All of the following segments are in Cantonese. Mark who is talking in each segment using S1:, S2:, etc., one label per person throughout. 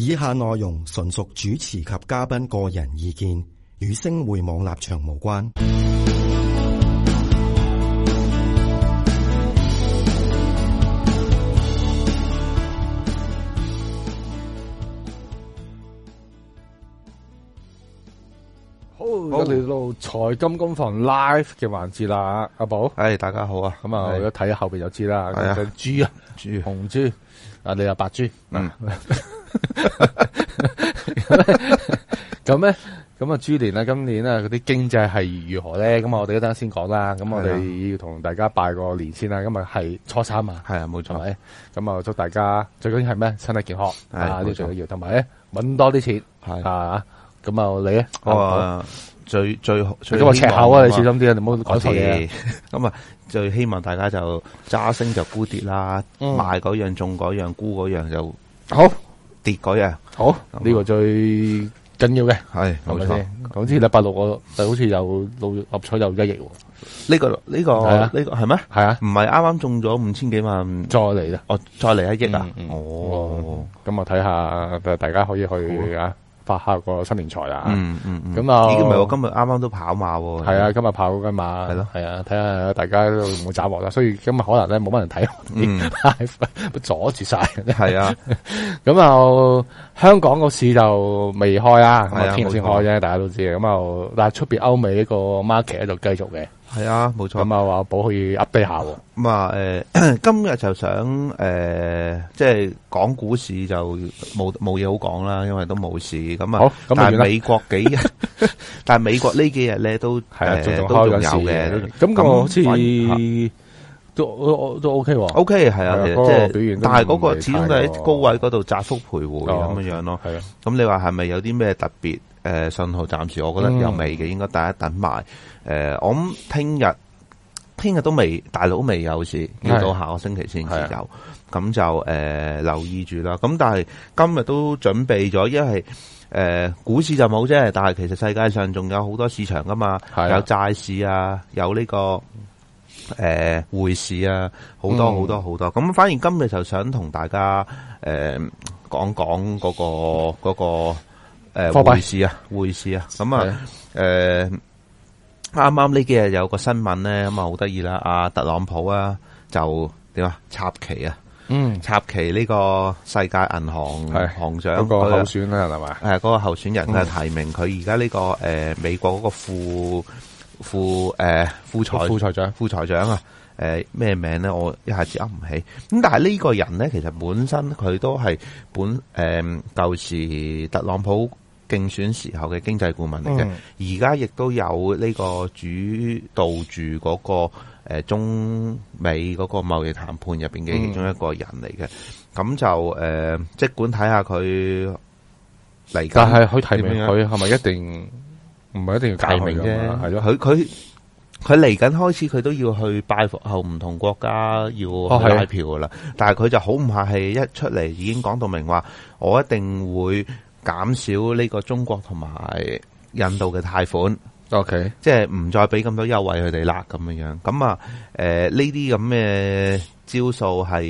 S1: 以下內容純屬主持及嘉
S2: 賓個人意見，與星匯網立場無關。好，我哋到財金工房 live 嘅環節啦。阿寶，誒，hey, 大家好啊，咁啊，我一睇後邊就知啦。係啊 Hey.，豬啊，豬，紅豬，啊，你啊白豬，嗯。 咁咧，咁啊，豬年啊，今年啊，嗰啲經濟係如何咧？咁啊，我哋一陣先講啦。咁我哋要同大家拜個年先啦。今日係初三啊，係啊，冇錯。咁啊，祝大家最緊要係咩？身體健康啊，呢最重要。同埋咧，搵多啲錢係啊。咁啊，你咧？我最最最都話赤口啊，你小心啲啊，唔好講錯嘢。
S1: 咁啊，最希望大家就揸升就沽跌啦，賣嗰樣，種
S2: 嗰樣，沽嗰樣就好。改啊！好，呢個最緊要嘅係冇錯。講次禮拜六我就好似有六合彩又一億，呢個呢個呢個係咩？係啊，唔係啱啱中咗五千幾萬，再嚟啦！哦，再嚟一億啊！哦，咁我睇下，但係大家可以去啊。發下個新年財啦，咁啊、嗯，唔係我今日啱啱都跑馬，係啊，今日跑嗰嘛，馬，係咯，係啊，睇下、啊啊、大家都唔會斬獲啦，所以今日可能咧冇乜人睇，阻住晒，係、嗯、 啊，咁啊， 香港個市就未開啊，天先開啫，沒錯 大家都知，咁啊，但係出邊歐美呢個 market 喺度繼續嘅。係啊，冇錯。咁啊，話補可以 update 下喎。咁啊、嗯，誒、呃，今日就想誒、呃，
S1: 即係講股市就冇冇嘢好講啦，因為都冇事。咁啊好，但係美國幾日， 但係美國呢幾日咧都係啊，呃、開都仲有嘅。咁咁我之都都，都 OK 喎，OK 係啊，即係，OK，表現。但係嗰個始終都喺高位嗰度窄幅徘徊咁樣囉。咯的。啊，咁你話係咪有啲咩特別，呃、信號？暫時我覺得又未嘅，嗯、應該大家等埋。誒、呃，我諗聽日聽日都未，大佬未有事，要到下個星期先至有。咁的就誒、呃、留意住啦。咁但係今日都準備咗，因為誒、呃、股市就冇啫。但係其實世界上仲有好多市場噶嘛，的有債市啊，有呢、這個。誒，匯市啊，好多好多好多，咁反而今日就想同大家誒講講嗰個嗰個誒匯市啊匯市啊，咁、嗯呃、啊誒，啱啱呢幾日有個新聞咧，咁啊好得意啦，阿特朗普啊就點啊插旗啊，嗯，插旗呢個世界銀行係行長嗰、嗰個候選啊係嘛，嗰、嗰個候選人就、嗯、提名佢而家呢個誒、呃、美國嗰個副。副誒、呃，副財副財長，副財長啊，誒、呃、咩名咧？我一下子諗唔起。咁但係呢個人咧，其實本身佢都係本誒舊、呃、時特朗普競選時候嘅經濟顧問嚟嘅，而家亦都有呢個主導住嗰、那個誒、呃、中美嗰個貿易談判入邊嘅其中一個人嚟嘅。咁、嗯、就誒，即、呃、管睇下佢嚟，但係佢提佢係咪一定？唔係一定要解明啫，係咯，佢佢佢嚟緊開始佢都要去拜服後，唔同國家要拉票噶啦，哦、但係佢就好唔客氣，一出嚟已經講到明話，我一定會減少呢個中國同埋印度嘅貸款。OK，即係唔再俾咁多優惠佢哋啦，咁樣樣咁啊，誒、呃、呢啲咁嘅招數係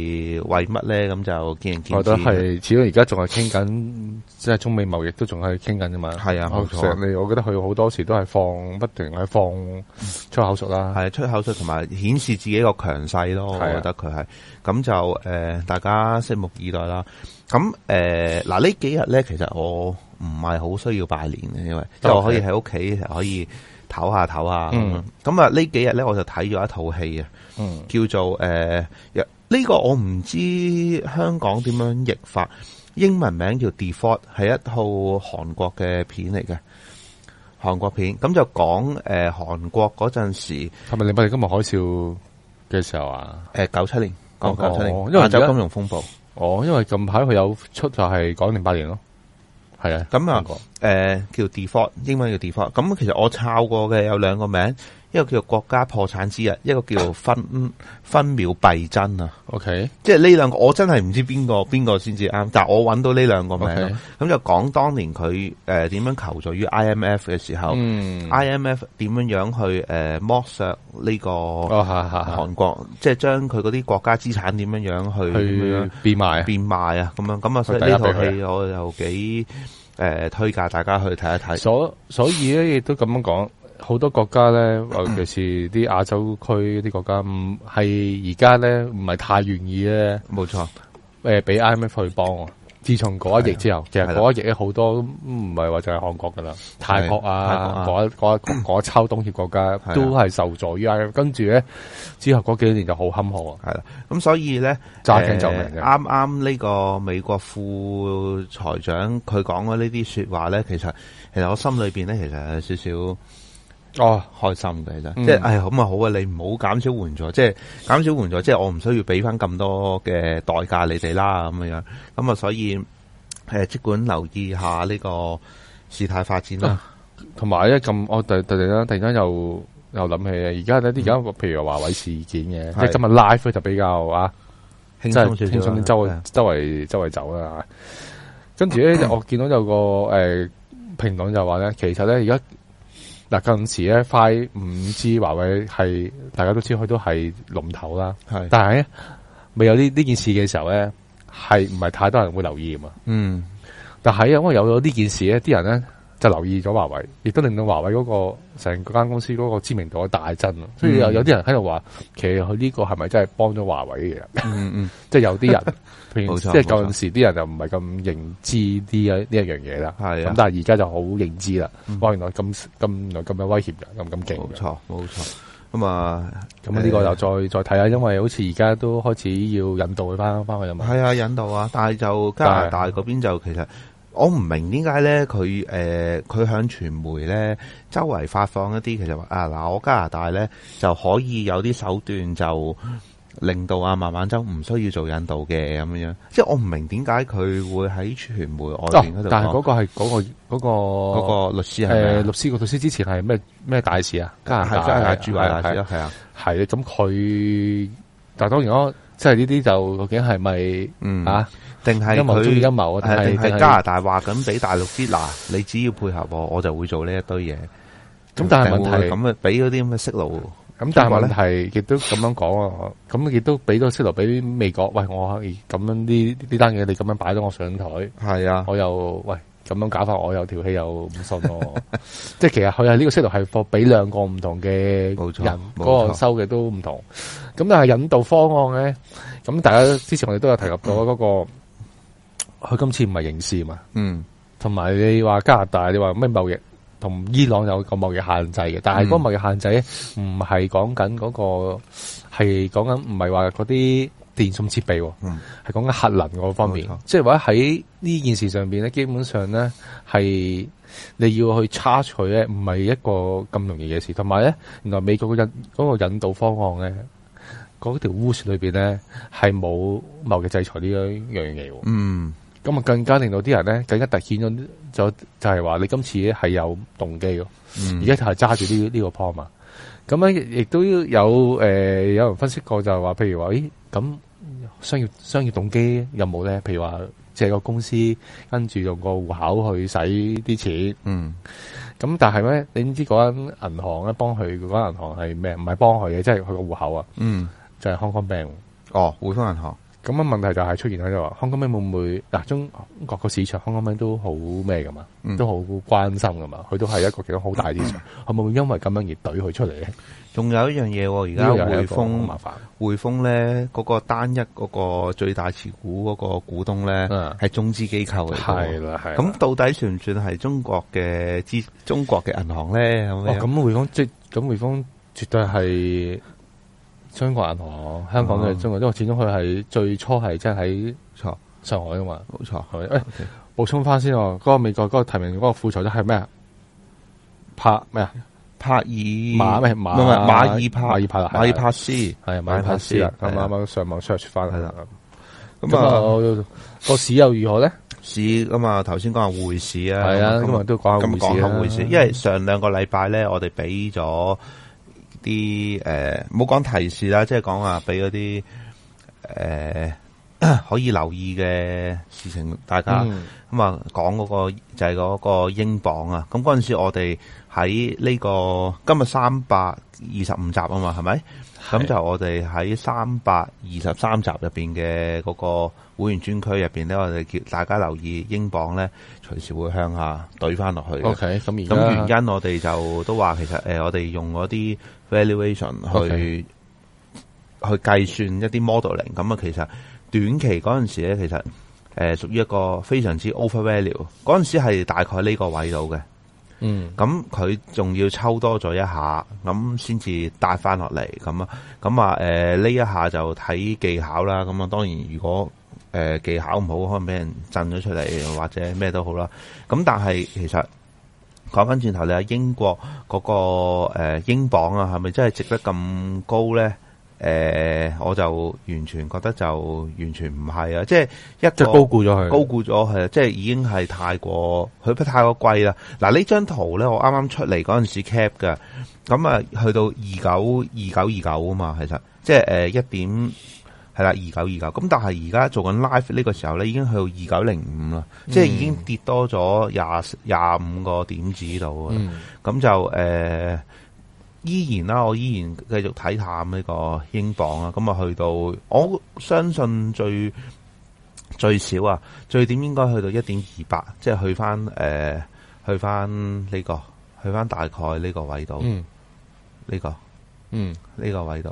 S1: 為乜咧？咁
S2: 就見仁見智。我覺得係，始終而家仲係傾緊，即係中美貿易都仲係傾緊啊嘛。係啊，冇錯。你我覺得佢好多時都係放，不停喺放出口術啦，係出
S1: 口術同埋顯示自己個強勢咯。我覺得佢係咁就誒、呃，大家拭目以待啦。咁誒嗱呢幾日咧，其實我。唔係好需要拜年，因為我可以喺屋企可以唞下唞下。咁啊 Okay.，呢、嗯、幾日咧，我就睇咗一套戲啊，嗯、叫做誒，呢、呃這個我唔知香港點樣譯法，英文名叫 Default 係一套韓國嘅片嚟嘅。韓國片咁就講誒，韓、呃、國嗰陣時係咪零八年
S2: 金融海嘯嘅時候啊？誒，九七、呃、年，九九七年，因為亞洲金融風暴。哦，因為近排佢有出就係講零八年咯。係啊，咁啊，誒，
S1: 叫 default 英文叫 default，咁其實我抄過嘅有兩個名。一個叫做國家破產之日，一個叫做分分秒必爭啊！OK，即係呢兩個，我真係唔知邊個邊個先至啱，但係我揾到呢兩個名咯。咁 Okay. 就講當年佢誒點樣求助於 IMF 嘅時候，IMF 點樣樣去誒剝、呃、削呢個哦，韓國，oh, yeah, yeah, yeah. 即係將佢嗰啲國家資產點樣樣去，去變
S2: 賣變賣啊！咁樣咁啊、呃，所以呢套戲我又幾誒推介大家去睇一睇。所所以咧，亦都咁樣講。好多國家呢，尤其是啲亞洲區啲國家，係而家呢，唔係太願意呢。冇錯，誒俾 IMF 去幫喎。自從嗰一役之後，的其實嗰一役好多唔係話就係韓國㗎喇，泰國啊，嗰一嗰一嗰一抽東協國家都係受助於 IMF。跟住呢，之後嗰幾年就好坎坷啊。係啦，咁所以呢，揸正就明嘅。
S1: 啱啱呢個美國副財長佢講嘅呢啲説話呢，其實其實我心裏面呢，其實有少少。哦，開心嘅其實，嗯、即係咁啊好啊，你唔好減少援助，即係減少援助，即係我唔需要俾翻咁多嘅代價你哋啦，
S2: 咁樣樣，咁啊所以誒，呃、即管留意下呢個事態發展啦，同埋咧咁，我突然突然間突然間又又諗起，而家呢，而家譬如嗯、華為事件嘅，是即係今日 live 就比較啊，即輕鬆啲周周圍周圍走啦，跟住咧我見到有個誒評論就話咧，其實咧而家。嗱，近時咧，快五 G，華為係大家都知，佢都係龍頭啦。係但係咧，未有呢呢件事嘅時候咧，係唔係太多人會留意嘛？嗯，但係因為有咗呢件事咧，啲人咧。就留意咗華為，亦都令到華為嗰個成個間公司嗰個知名度大增。所以有有啲人喺度話，其實佢呢個係咪真係幫咗華為嘅？嗯嗯，即係有啲人，即係舊陣時啲人就唔係咁認知啲啊呢一樣嘢啦。係咁但係而家就好認知啦。哇，原來咁咁又咁有威脅嘅，咁咁勁。冇錯，冇錯。咁啊，咁啊，呢個又再再睇下。因為好似而家都開始要引導佢翻翻去。係啊，
S1: 引導啊。但係就加拿大嗰邊就其實。我唔明點解咧，佢誒，佢向傳媒咧周圍發放一啲，其實話啊嗱，我加拿大咧就可以有啲手段，就令到啊孟晚舟唔需要做引渡嘅咁樣樣。即係我唔明點解佢會喺傳媒外邊嗰度講。但係嗰個係嗰、那
S2: 個嗰、那個個律師係咩、呃？律師個律師之前係咩咩大使啊？加拿大係是啊，駐華大使係啊，咁佢、啊、但當當然咯，即係呢啲就究竟係咪嗯、啊定係佢中意陰謀啊！定係加拿大話緊俾大陸知嗱，你只要配合我，我就會做呢一堆嘢。
S1: 咁但係問題咁
S2: 啊，俾嗰啲咁嘅息路。咁但係問題亦都咁樣講啊，咁亦都俾咗息路俾美國。喂，我可以咁樣呢呢單嘢你咁樣擺咗我上台。係是啊我，我又喂咁樣搞法，我有調戲又唔信咯、啊。 即係其實佢係呢個息路係放俾兩個唔同嘅人嗰錯個收嘅都唔同。咁但係引渡方案咧，咁大家之前我哋都有提及到嗰、那個。嗯。佢今次唔係刑事嘛？嗯，同埋你話加拿大你貿，你話咩貿易同伊朗有個貿易限制嘅，但係嗰貿易限制唔係講緊嗰個，係講緊唔係話嗰啲電信設備，喎、嗯，係講緊核能嗰方面。即係話喺呢件事上邊咧，基本上咧係你要去 c 取呢，佢咧，唔係一個咁容易嘅事。同埋咧，原來美國嘅引嗰、那個引導方案咧，嗰條烏雪裡邊咧係冇貿易制裁呢樣嘢。嗯。咁啊，就更加令到啲人咧，更加突顯咗就就係話，你今次係有動機咯。而家、嗯、就係揸住呢呢個波嘛。咁咧亦都有、呃、有人分析過就係話，譬如話，咦咁商業商業動機有冇咧？譬如話借個公司跟住用個戶口去使啲錢。嗯。咁但係咧，你知嗰間銀行咧幫佢嗰間銀行係咩？唔係幫佢嘅，即係佢個戶口啊。嗯。就係 Hong Kong Bank。嗯、哦，滬通銀行。咁問題就係出現喺度話，康乾咩會唔會嗱中國個市場康乾咩都好咩㗎嘛，嗯、都好關心㗎嘛，佢都係一個其中好大市場，係咪但會，會因為咁樣而對佢出嚟咧？仲有一樣嘢，喎，
S1: 而家匯豐麻煩，匯豐咧嗰、嗰個單一嗰、嗰個最大持股嗰個股東呢，係、嗯、中資機構嚟嘅，係啦，咁到底算唔算係中國嘅資？中國嘅銀行
S2: 咧，咁咁、哦、匯豐即係咁匯豐絕對係。中國銀行，香港都係中國人，因為始終佢係最初係即係喺上海啊嘛，冇錯。誒，補充翻先，嗰個美國嗰個提名嗰個副總裁係咩啊？帕咩啊？
S1: 帕爾馬咩馬馬爾帕爾帕爾馬爾帕斯係馬爾帕斯，咁啱
S2: 啱上網 search 翻係啦。咁啊，
S1: 個市又如何咧？市啊嘛，頭先講下匯市啊，係啊，咁啊都講匯市，講匯市。因為上兩個禮拜咧，我哋俾咗。啲誒，唔好講提示啦，即係講話俾嗰啲可以留意嘅事情，大家咁啊，講嗰個就係嗰個英鎊啊！咁嗰陣時我哋喺呢個今日三百二十五集啊嘛，係咪？咁就我哋喺三百二十三集入邊嘅嗰個會員專區入邊咧，我哋叫大家留意英鎊咧，隨時會向下懟翻落去。OK，咁原因我哋就都話，其實誒，我哋用嗰啲 valuation 去 Okay. 去計算一啲 modeling，咁啊，其實短期嗰陣時咧，其實誒，屬於一個非常之 overvalue 嗰陣時係大概呢個位度嘅。嗯，咁佢仲要抽多咗一下，咁先至帶翻落嚟咁啊，咁啊，誒呢一下就睇技巧啦，咁啊，當然如果誒、呃、技巧唔好，可能俾人震咗出嚟或者咩都好啦，咁但係其實講翻轉頭你話，英國嗰個誒英鎊啊，係咪真係值得咁高咧？誒、呃，我就完全覺得就完全唔係啊，即係一直高估咗佢，高估咗佢，即係已經係太過，佢不太過貴啦。嗱，呢張圖咧，我啱啱出嚟嗰陣時 cap 噶，咁啊，去到二九二九二九啊嘛，其實即係誒一點係啦，二九二九。咁但係而家做緊 live 呢個時候咧，已經去到二九零五啦，嗯、即係已經跌多咗廿廿五個點子度啊，咁、嗯、就誒。呃依然啦，啊，我依然繼續睇探呢個英鎊啊，咁啊去到我相信最最少啊，最點應該去到一點二八，即係去返誒，去返呢，呢個，去返大概呢個位度，呢，嗯呢個，嗯，呢個位度，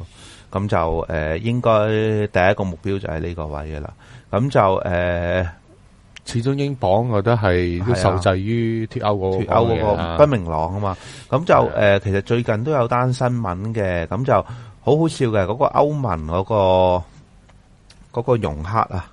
S1: 咁就誒，呃，應該第一個目標就係呢個位嘅啦，咁就誒。呃始終英鎊我覺得係都受制於脫歐嗰個不、啊、明朗啊嘛，咁、啊、就誒、啊呃，其實最近都有單新聞嘅，咁就好好笑嘅，嗰、嗰個歐盟嗰、嗰個嗰、嗰個容克啊，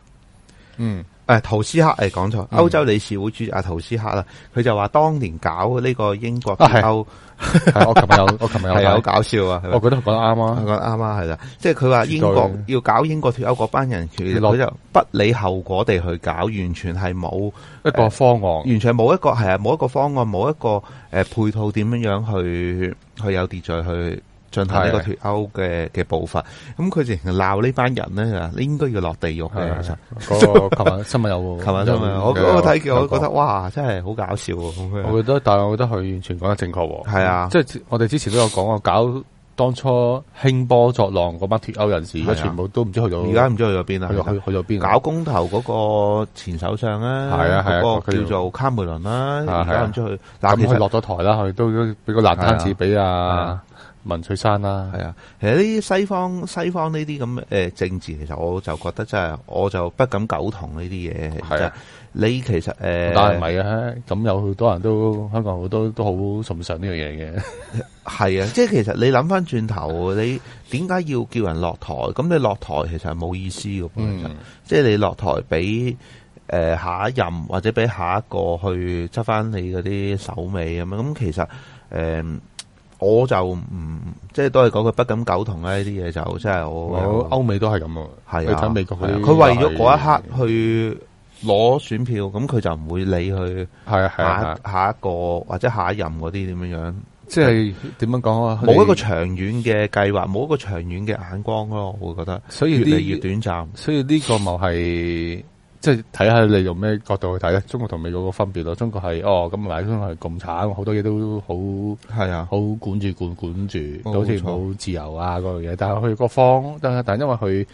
S1: 嗯。誒、哎，陶斯克誒，講、哎、錯，歐、嗯、洲理事會主席阿陶斯克啦，佢就話當年搞呢個英國脱歐、啊， 我琴日我琴日有有好搞笑啊，我覺得講得啱啊，講得啱啊，係啦，即係佢話英國要搞英國脱歐嗰班人，其實佢就不理後果地去搞，完全係冇一個方案，呃、完全冇一個係啊，冇一個方案，冇一個誒、呃、配套點樣樣去去有秩序去。進行呢個脫歐嘅嘅步伐，咁佢直情鬧呢班人咧，你應該要落地獄嘅。琴晚新聞有喎，係新聞？我我睇見，我覺得哇，
S2: 真係好搞笑。我覺得，但係我覺得佢完全講得正確。係啊，即係我哋之前都有講過，我搞當初興波作浪嗰班脫歐人士，而家全部都唔知去咗，而家唔知去咗邊啊？去咗邊？搞公投嗰個前首相啊，係啊係個叫做卡梅倫啦，而家唔知去。佢落咗台啦，佢都畀個爛攤子畀啊。文翠山啦，係啊，其實呢
S1: 啲西方西方呢啲咁嘅誒政治，其實我就覺得真係，我就不敢苟同呢啲嘢。係是啊，你其實誒，但係唔係啊，咁有好多人都香港好多都好崇尚呢樣嘢嘅。係啊，即係、 啊就是、其實你諗翻轉頭，你點解要叫人落台？咁你落台其實係冇意思嘅，即係、嗯、你落台俾誒、呃、下一任或者俾下一個去執翻你嗰啲手尾咁樣。咁其實誒。呃我就唔即係都係講佢不敢苟同呢啲嘢，就即、是、係我
S2: 歐美都係咁啊，
S1: 係啊，佢喺美國佢為咗嗰一刻去攞選票，咁佢的就唔會理會去係下下一個或者下一任嗰啲點樣樣，
S2: 即係點樣講啊？冇的一個
S1: 長遠嘅計劃，冇一個長遠嘅眼光咯，我
S2: 會覺得，所以越嚟越短暫，所以呢個咪係。 即係睇下你用咩角度去睇咧？中國同美國個分別咯。中國係哦咁，中國係咁慘，好多嘢都好係啊，好的管住管管住，好似冇自由啊嗰樣嘢。但係佢個方，但係但因為佢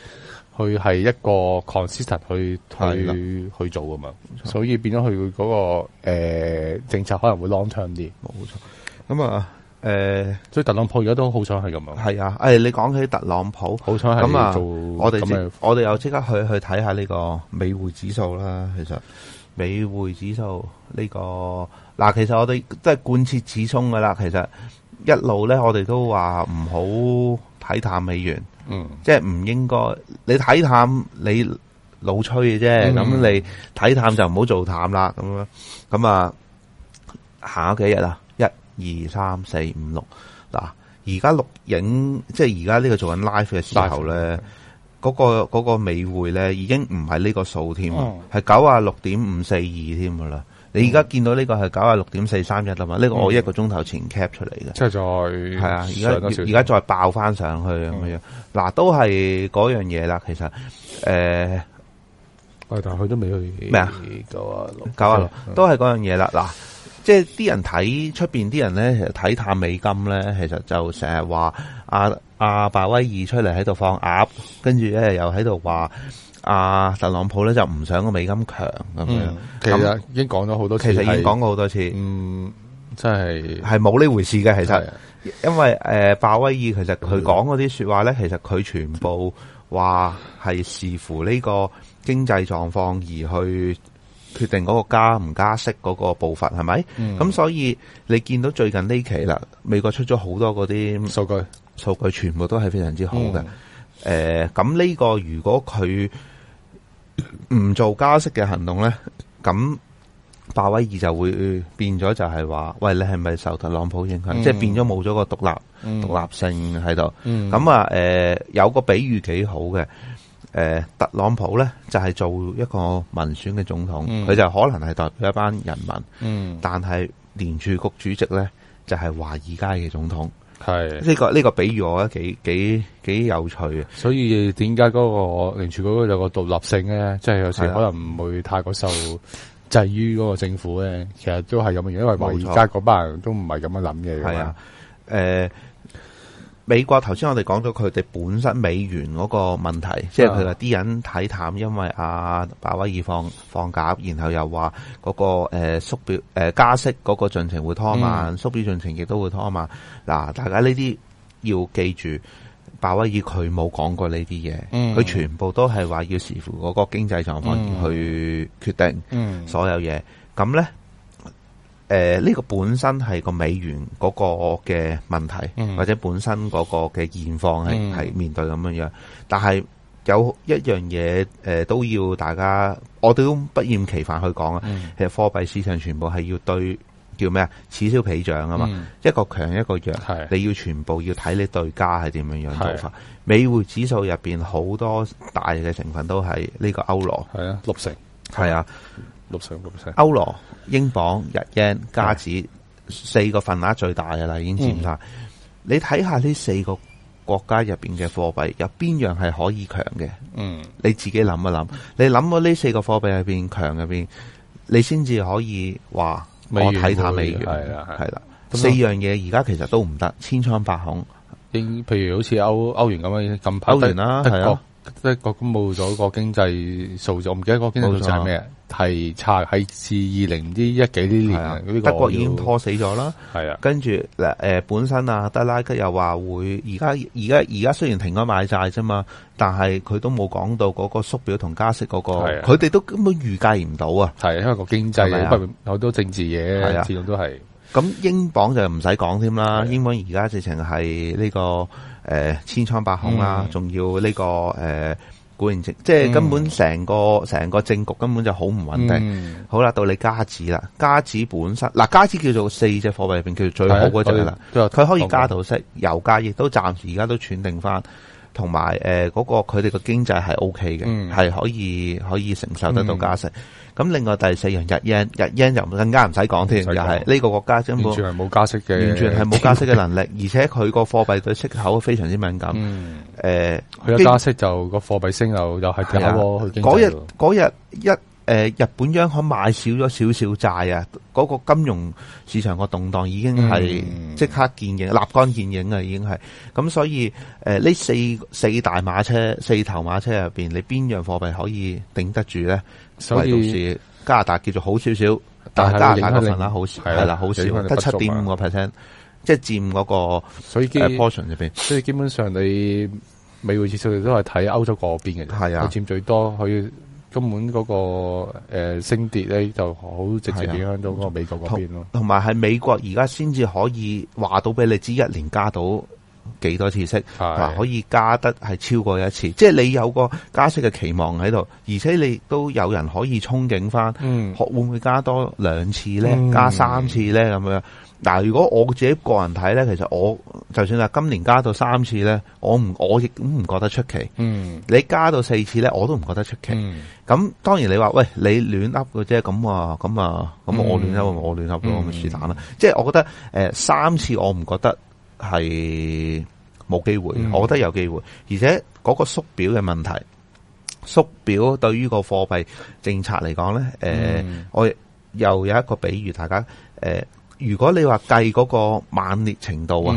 S2: 佢係一個 consistent 去去了去做㗎嘛，所以變咗佢嗰個、呃、政策可能會 long term 啲。冇錯，咁啊。誒，呃、所以特朗普而家都好彩係咁樣。係啊，誒、哎，你講
S1: 起特朗普，好彩係咁啊！我哋我哋又即刻去去睇下呢個美匯指數啦。其實美匯指數呢、這個嗱、啊，其實我哋即係貫徹始終㗎啦。其實一路咧，我哋都話唔好睇淡美元，嗯，即係唔應該。你睇淡你老吹嘅啫，咁、嗯、你睇淡就唔好做淡啦。咁樣咁啊，行咗幾日啦。二三四五六嗱，而家錄影即係而家呢個做緊 live 嘅時候咧，嗰播、嗰個嗰、嗰個美匯咧已經唔係呢個數添，係九啊六點五四二添噶啦。你而家見到呢個係九啊六點四三一啊嘛？呢、嗯、個我一個鐘頭前 cap 出嚟嘅，即
S2: 係再係啊！而家而家
S1: 再爆翻上去咁、嗯、樣，嗱都係嗰樣嘢啦。其實喂、呃、
S2: 但係佢都未去咩啊麼？九啊六，九啊六
S1: 都係嗰樣嘢啦。嗱。即係啲人睇出邊啲人咧，其實睇探美金咧，其實就成日話阿阿鮑威爾出嚟喺度放鴨，跟住咧，又喺度話阿特朗普咧就唔想個美金強咁、嗯、樣。其實已經講咗好多次，其實已經講過好多次。嗯，真係係冇呢回事嘅。其實的因為誒鮑、呃、威爾其實佢講嗰啲說話咧，的其實佢全部話係視乎呢個經濟狀況而去。決定嗰個加唔加息嗰個步伐係咪？咁、嗯、所以你見到最近呢期啦，美國出咗好多嗰啲數據，數據，數據全部都係非常之好嘅。誒、嗯，咁呢、呃、個如果佢唔做加息嘅行動咧，咁鮑威爾就會變咗就係話，喂，你係咪受特朗普影響？嗯、即係變咗冇咗個獨立獨、嗯、立性喺度。咁、嗯、啊，誒、呃，有個比喻幾好嘅。誒、呃，特朗普咧就係、是、做一個民選嘅總統，佢、嗯、就可能係代表一班人民。嗯，但係聯儲局主席咧就係華爾街嘅總統。係呢是的、這個呢、這個比喻我覺得幾幾
S2: 幾有趣啊！所以點解嗰個聯儲局有個獨立性咧，即、就、係、是、有時可能唔會太過受制於嗰個政府咧，是的 其實都係咁樣，因為華爾街嗰班人都唔係咁樣諗嘅嘛。啊沒錯。誒、呃。美國頭先我哋講咗佢
S1: 哋本身美元嗰個問題，即係佢話啲人睇淡，因為阿、啊、鮑威爾放放鴿，然後又話嗰、那個誒縮表誒加息嗰個進程會拖慢，縮表、嗯、進程亦都會拖慢。嗱，大家呢啲要記住，鮑威爾佢冇講過呢啲嘢，佢、嗯、全部都係話要視乎嗰個經濟狀況、嗯、去決定所有嘢。咁、嗯、呢。誒，呢，呃呢個本身係個美元嗰個嘅問題，嗯，或者本身嗰個嘅現況係係、嗯、面對咁樣樣。但係有一樣嘢，誒、呃、都要大家，我都不厭其煩去講啊。嗯，其實貨幣市場全部係要對叫咩啊？此消彼長啊嘛，嗯，一個強一個弱，的你要全部要睇你對家係點樣樣做法。的美匯指數入邊好多大嘅成分都係呢個歐羅，係啊，六成，係啊的。
S2: 六歐
S1: 羅、英鎊、日元加紙是的 四個份額最大嘅啦，已經佔晒。嗯、你睇下呢四個國家入邊嘅貨幣，有邊樣係可以強嘅？嗯，你自己諗一諗，你諗咗呢四個貨幣入邊強入邊，你先至可以話我睇下美元係
S2: 啦，係啦，四樣嘢，而家其實都唔得，千瘡百孔。譬如好似歐歐元咁啊，近排歐元啦，係啊。歐國 即係個公佈咗個經濟數字，我唔記得個經濟數字係咩，係差喺自二零啲一幾啲年，呢的德國已經拖死咗
S1: 啦。係啊的，跟住嗱誒，本身啊，德拉吉又話會而家而家而家雖然停咗買債啫嘛，但係佢都冇講到嗰個縮表同加息嗰、嗰個，佢哋的都根本預計唔到啊。係因為個經濟好的多政治嘢，的始終都係。咁英鎊就唔使講添啦，的英鎊而家直情係呢個。誒，千瘡百孔啦，仲、嗯、要呢、這個誒，固、呃、然政，即係根本成個成、嗯、個政局根本就好唔穩定。嗯、好啦，到你加紙啦，加紙本身，嗱、啊，加紙叫做四隻貨幣入邊叫做最好嗰隻啦，佢可,可以加到息，的油價亦都暫時而家都轉定翻。同埋誒嗰個佢哋嘅經濟係 O K 嘅，係、嗯、可以可以承受得到加息。咁、嗯、另外第四樣日元，日元又更加唔使講添，又係呢個國家根本完全係冇加息嘅，完全係冇加息嘅能力， 而且佢個貨幣對息口非常之敏感。佢一、嗯呃、加息就個本貨幣升又又係跌佢經濟嗰日嗰日一。誒日本央行買少咗少少債啊！嗰、那個金融市場個動盪已經係即刻見影，立竿見影啊、嗯！已經係咁，所以呢、呃、四四大馬車、四頭馬車入邊，你邊樣貨幣可以頂得住咧？所以加拿大叫做好少少，但係是加拿大份額好少，係啦的，好少得七點
S2: 五個 percent，即係佔嗰個所以、uh, portion 入邊。所以基本上你美匯指數都係睇歐洲嗰邊嘅，係啊的，佔最多可以。根本嗰、嗰個、呃、升跌咧就好直接影響到嗰個美國嗰邊咯，同埋係美國而
S1: 家先至可以話到俾你知一年加到幾多次息嗱是可以加得係超過一次，即、就、係、是、你有個加息嘅期望喺度，而且你都有人可以憧憬翻，嗯、學會會唔會加多兩次咧？嗯、加三次咧？咁樣嗱，如果我自己個人睇咧，其實我就算係今年加到三次咧，我唔我亦都唔覺得出奇。嗯，你加到四次咧，我都唔覺得出奇。咁、嗯、當然你話喂你亂 up 嘅啫，咁啊咁啊咁我亂 up、嗯、我亂 up 咁咪是但啦。即係我覺得誒、呃、三次我唔覺得。係冇機會，我覺得有機會。嗯、而且嗰個縮表嘅問題，縮表對於個貨幣政策嚟講咧，誒、呃，嗯、我又有一個比喻，大家，誒、呃，如果你話計嗰個猛烈程度啊，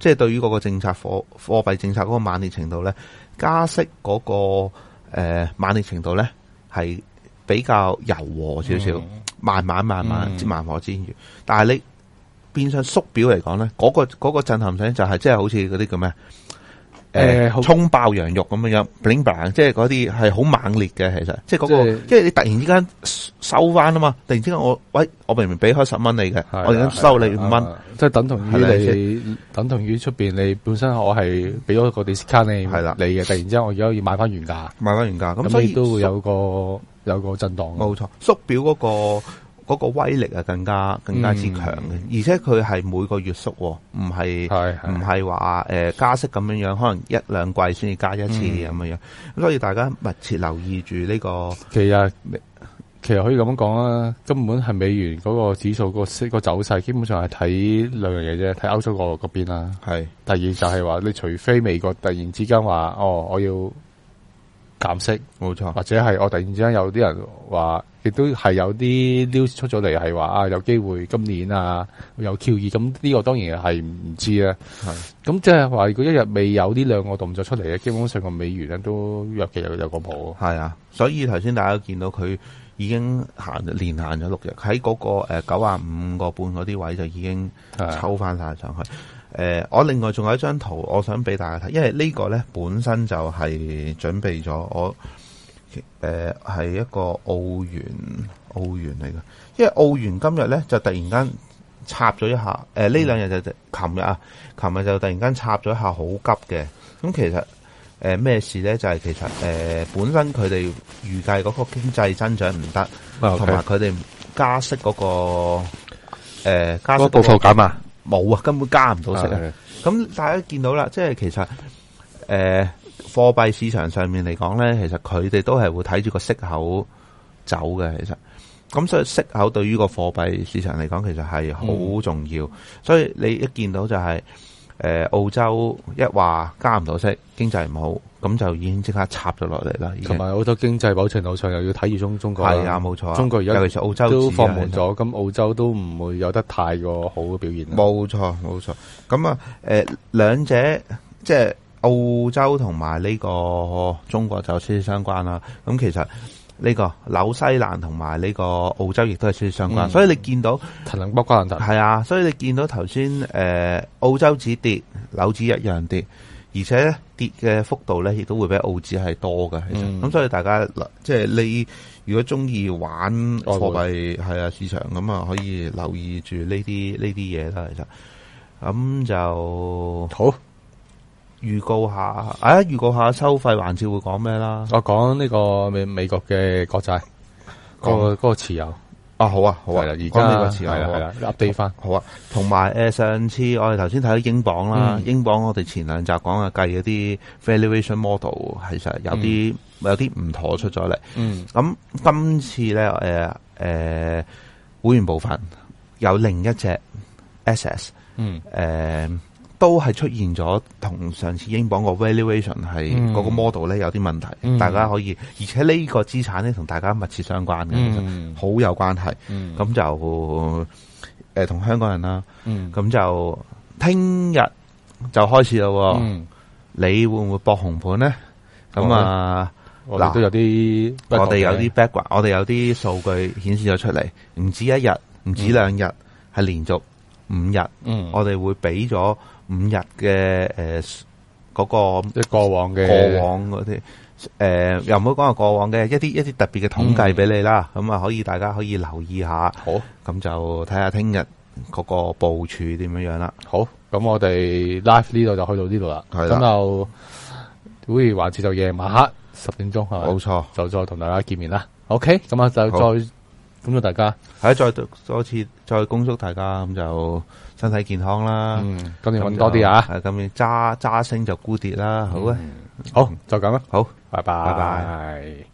S1: 即係、嗯、對於嗰個政策貨貨幣政策嗰個猛烈程度咧，加息嗰、那個誒猛、呃、烈程度咧，係比較柔和少少，嗯、慢慢慢慢即、嗯、慢火煎魚，但係你。變相縮表嚟講咧，嗰、那個、那個震撼性就係即係好似嗰啲叫咩誒，欸、蔥爆羊肉咁樣樣，ling bang，即係嗰啲係好猛烈嘅。其實即係嗰個，即係你突然之間收翻啊嘛！突然之間我，喂，我明明俾開十蚊你嘅，的我而家收你五
S2: 蚊，啊，即係等同於你，的等同於出邊你本身我係俾咗個 discount 你，係啦的，你嘅突然之間我而家要買翻原價，買翻原價，咁所以都會有個有個震盪。冇錯，縮表嗰、那個。嗰個威力啊，更加更加之強嘅，嗯、而且
S1: 佢係每個月縮，唔係唔係話誒加息咁樣樣，可能一兩
S2: 季先至加一次咁樣樣，嗯、所以大家密切留意住呢個。其實其實可以咁講啦，根本係美元嗰個指數個個走勢，基本上係睇兩樣嘢啫，睇歐洲嗰嗰邊啦。係是，第二就係話你除非美國突然之間話，哦，我要。減息冇錯，或者係我突然之間有啲人話，亦都係有啲 news 出咗嚟，係話啊有機會今年啊有 QE，咁呢個當然係唔知啦。係咁即係話，如果一日未有呢兩個動作出嚟咧，基本上個美元咧都約期有有個譜。係啊，所以頭先大家見到佢
S1: 已經行連行咗六日喺嗰個九啊五個半嗰啲位就已經抽翻晒上去。誒、呃，我另外仲有一張圖，我想俾大家睇，因為這個呢個咧本身就係準備咗，我誒係、呃、一個澳元，澳元嚟嘅，因為澳元今日咧就突然間插咗一下，誒、呃、呢兩日就，琴日啊，琴日就突然間插咗一下，好急嘅。咁、嗯、其實誒咩、呃、事咧？就係、是、其實誒、呃、本身佢哋預計嗰個經濟增長唔得，同埋佢哋加息嗰、那個誒、呃、加息步伐減嘛。那部冇啊，根本加唔到息啊！咁大家見到啦，即係其實誒、呃，貨幣市場上面嚟講咧，其實佢哋都係會睇住個息口走嘅。其實，咁所以息口對於個貨幣市場嚟講，其實係好重要。嗯、所以你一見到就係、是。誒，澳洲一話加唔到息，經
S2: 濟唔好，咁就已經即刻插咗落嚟啦。同埋好多經濟某程度上又要睇住中中國啦，係啊，冇錯。中國而家都放緩咗，咁澳、澳洲都唔會有得太過好嘅
S1: 表現。冇錯，冇錯。咁啊，誒，兩、呃、者即係澳洲同埋呢個中國就息息相關啦。咁其實。呢、呢個紐西蘭同埋呢個澳洲亦都係相相關，嗯、所以你見到。彭林波、加拿大。係啊，所以你見到頭先誒澳洲指跌，紐指一樣跌，而且咧跌嘅幅度咧亦都會比澳指係多嘅，其實。咁、嗯、所以大家即係你如果中意玩貨幣係啊市場咁啊，可以留意住呢啲呢啲嘢啦，其實。咁就好。預告下，
S2: 啊預告下收費環節會講咩啦？我講呢個美美國嘅國債，個嗰個持有啊好啊好啊，而家呢個持有係啦，update 翻好啊。同
S1: 埋誒上次我哋頭先睇到英鎊啦，英鎊我哋前兩集講啊計嗰啲 valuation model 其實有啲有啲唔妥出咗嚟。嗯，咁今次咧誒誒，會員部分有另一隻 asset。嗯，誒。都係出現咗同上次英鎊個 valuation 係嗰個 model 咧有啲問題，嗯、大家可以，而且呢個資產咧同大家密切相關嘅，好、嗯、有關係。咁、嗯、就同、呃、香港人啦，咁、嗯、就聽日就開始喎。嗯、你會唔會搏紅盤咧？咁麼啊，嗱都有啲，我哋有啲 background，我哋有啲數據顯示咗出嚟，唔止一日，唔止兩日，係、嗯、連續五日，嗯、我哋會俾咗。五日嘅，誒，嗰、呃那個即係過往嘅過往嗰啲誒，又唔好講話過往嘅一啲一啲特別嘅統計俾你啦，咁啊、嗯、可以大家可以留意一下，好咁、嗯、就睇下聽日嗰個部
S2: 署點樣樣啦。好，咁我哋 live 呢度就去到呢度啦，咁對了 就好似還就夜晚黑十點鐘係咪冇錯？沒錯 就再同大家見面啦。OK，咁啊就再。恭祝大家，係再多次再次再恭祝大家咁就
S1: 身體健康啦。嗯，今年搵多啲啊！係今年揸揸升就沽跌啦。好啊、
S2: 嗯，好，嗯、就咁啦。好，拜拜拜拜。拜拜拜拜。